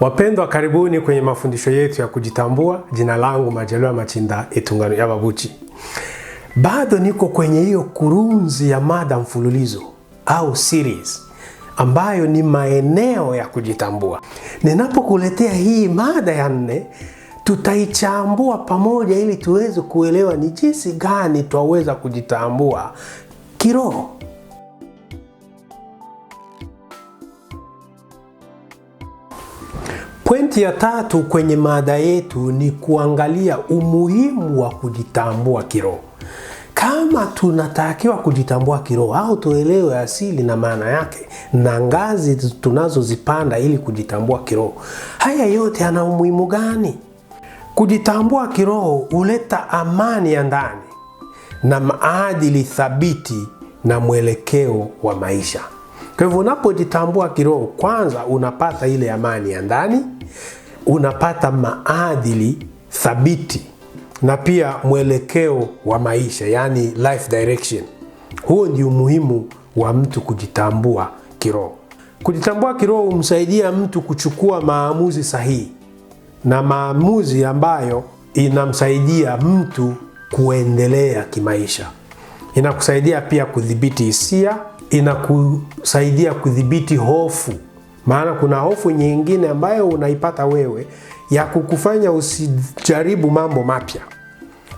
Wapendwa, karibuni kwenye mafundisho yetu ya kujitambua. Jina langu Majaliwa Machinda Itungano ya Babuchi. Bado niko kwenye hiyo kurunzi ya mada mfululizo au series ambayo ni maeneo ya kujitambua. Ninapokuletea hii mada ya nne, tutaichambua pamoja ili tuweze kuelewa ni jinsi gani twaweza kujitambua kiroho Pointi ya tatu kwenye mada yetu ni kuangalia umuhimu wa kujitambua kiroho. Kama tunatakiwa kujitambua kiroho au tuelewe asili na maana yake na ngazi tunazozipanda ili kujitambua kiroho, haya yote yana umuhimu gani? Kujitambua kiroho huleta amani ya ndani na maadili thabiti na mwelekeo wa maisha. Kwa hivyo unapojitambua kiroho, kwanza unapata ile amani ya ndani, unapata maadili thabiti na pia mwelekeo wa maisha, yani life direction. Huo ndio umuhimu wa mtu kujitambua kiroho. Kujitambua kiroho humsaidia mtu kuchukua maamuzi sahihi na maamuzi ambayo inamsaidia mtu kuendelea kimaisha. Inakusaidia pia kudhibiti hisia inakusaidia kudhibiti hofu, maana kuna hofu nyingine ambayo unaipata wewe ya kukufanya usijaribu mambo mapya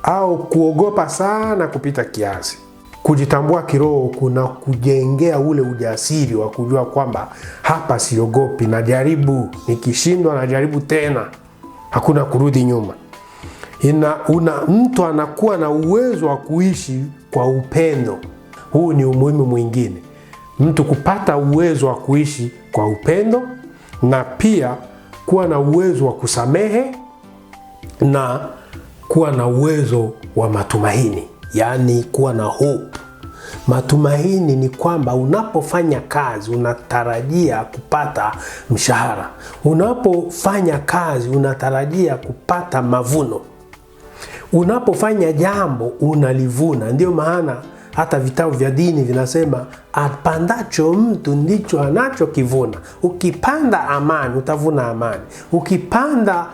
au kuogopa sana kupita kiasi. Kujitambua kiroho kuna kujengea ule ujasiri wa kujua kwamba hapa siogopi, najaribu, nikishindwa najaribu tena, hakuna kurudi nyuma. Ina, una mtu anakuwa na uwezo wa kuishi kwa upendo. Huu ni umuhimu mwingine mtu kupata uwezo wa kuishi kwa upendo na pia kuwa na uwezo wa kusamehe na kuwa na uwezo wa matumaini, yaani kuwa na hope. Matumaini ni kwamba unapofanya kazi unatarajia kupata mshahara, unapofanya kazi unatarajia kupata mavuno, unapofanya jambo unalivuna. ndio maana hata vitabu vya dini vinasema apandacho mtu ndicho anachokivuna. Ukipanda amani utavuna amani, ukipanda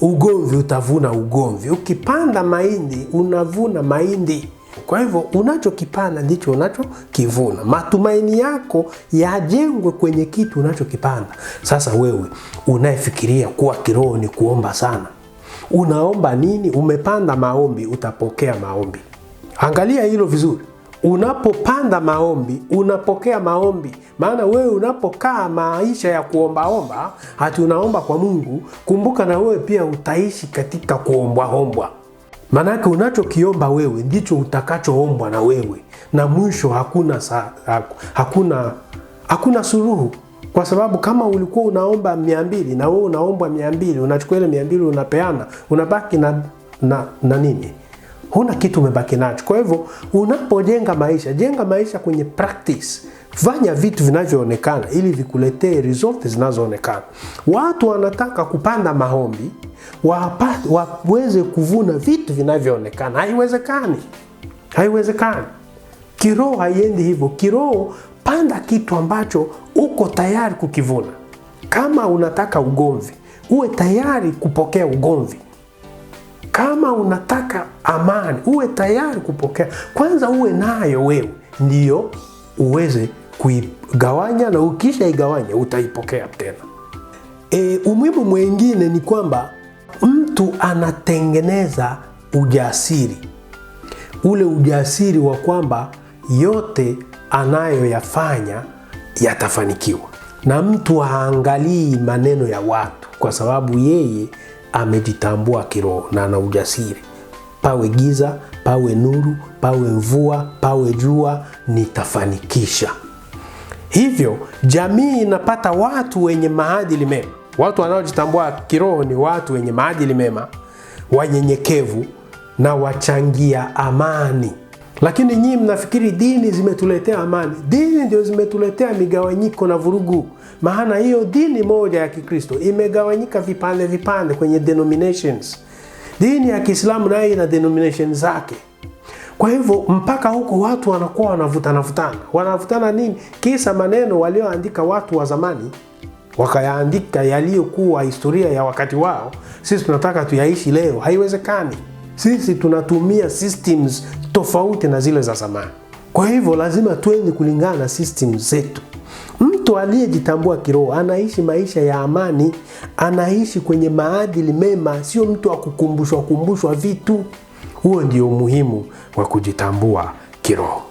ugomvi utavuna ugomvi, ukipanda mahindi unavuna mahindi. Kwa hivyo unachokipanda ndicho unachokivuna. Matumaini yako yajengwe kwenye kitu unachokipanda. Sasa wewe unayefikiria kuwa kiroho ni kuomba sana, unaomba nini? Umepanda maombi, utapokea maombi. Angalia hilo vizuri. Unapopanda maombi unapokea maombi, maana wewe unapokaa maisha ya kuombaomba, hati unaomba kwa Mungu, kumbuka na wewe pia utaishi katika kuombwaombwa. Maanake unachokiomba wewe ndicho utakachoombwa na wewe, na mwisho hakuna, sa, hakuna, hakuna suluhu kwa sababu kama ulikuwa unaomba mia mbili na wewe unaombwa mia mbili unachukua ile mia mbili unapeana, unabaki na, na, na nini huna kitu umebaki nacho. Kwa hivyo unapojenga maisha, jenga maisha kwenye practice. Fanya vitu vinavyoonekana ili vikuletee results zinazoonekana. Watu wanataka kupanda maombi waweze kuvuna vitu vinavyoonekana. Haiwezekani, haiwezekani. Kiroho haiendi hivyo. Kiroho, panda kitu ambacho uko tayari kukivuna. Kama unataka ugomvi, uwe tayari kupokea ugomvi. Kama unataka amani, uwe tayari kupokea. Kwanza uwe nayo wewe, ndiyo uweze kuigawanya, na ukisha igawanya utaipokea tena. E, umuhimu mwingine ni kwamba mtu anatengeneza ujasiri, ule ujasiri wa kwamba yote anayoyafanya yatafanikiwa, na mtu haangalii maneno ya watu, kwa sababu yeye amejitambua kiroho na ana ujasiri. Pawe giza, pawe nuru, pawe mvua, pawe jua, nitafanikisha. Hivyo jamii inapata watu wenye maadili mema. Watu wanaojitambua kiroho ni watu wenye maadili mema, wanyenyekevu na wachangia amani. Lakini nyinyi mnafikiri dini zimetuletea amani? Dini ndio zimetuletea migawanyiko na vurugu. Maana hiyo dini moja ya Kikristo imegawanyika vipande vipande kwenye denominations. Dini ya Kiislamu nayo ina denomination zake. Kwa hivyo mpaka huko watu wanakuwa wanavutana vutana. Wanavutana nini? Kisa maneno walioandika watu wa zamani wakayaandika yaliyokuwa historia ya wakati wao. Sisi tunataka tuyaishi leo, haiwezekani. Sisi tunatumia systems tofauti na zile za zamani. Kwa hivyo lazima tuende kulingana na system zetu. Mtu aliyejitambua kiroho anaishi maisha ya amani, anaishi kwenye maadili mema, sio mtu kukumbushwa kumbushwa vitu. Huo ndio umuhimu wa kujitambua kiroho.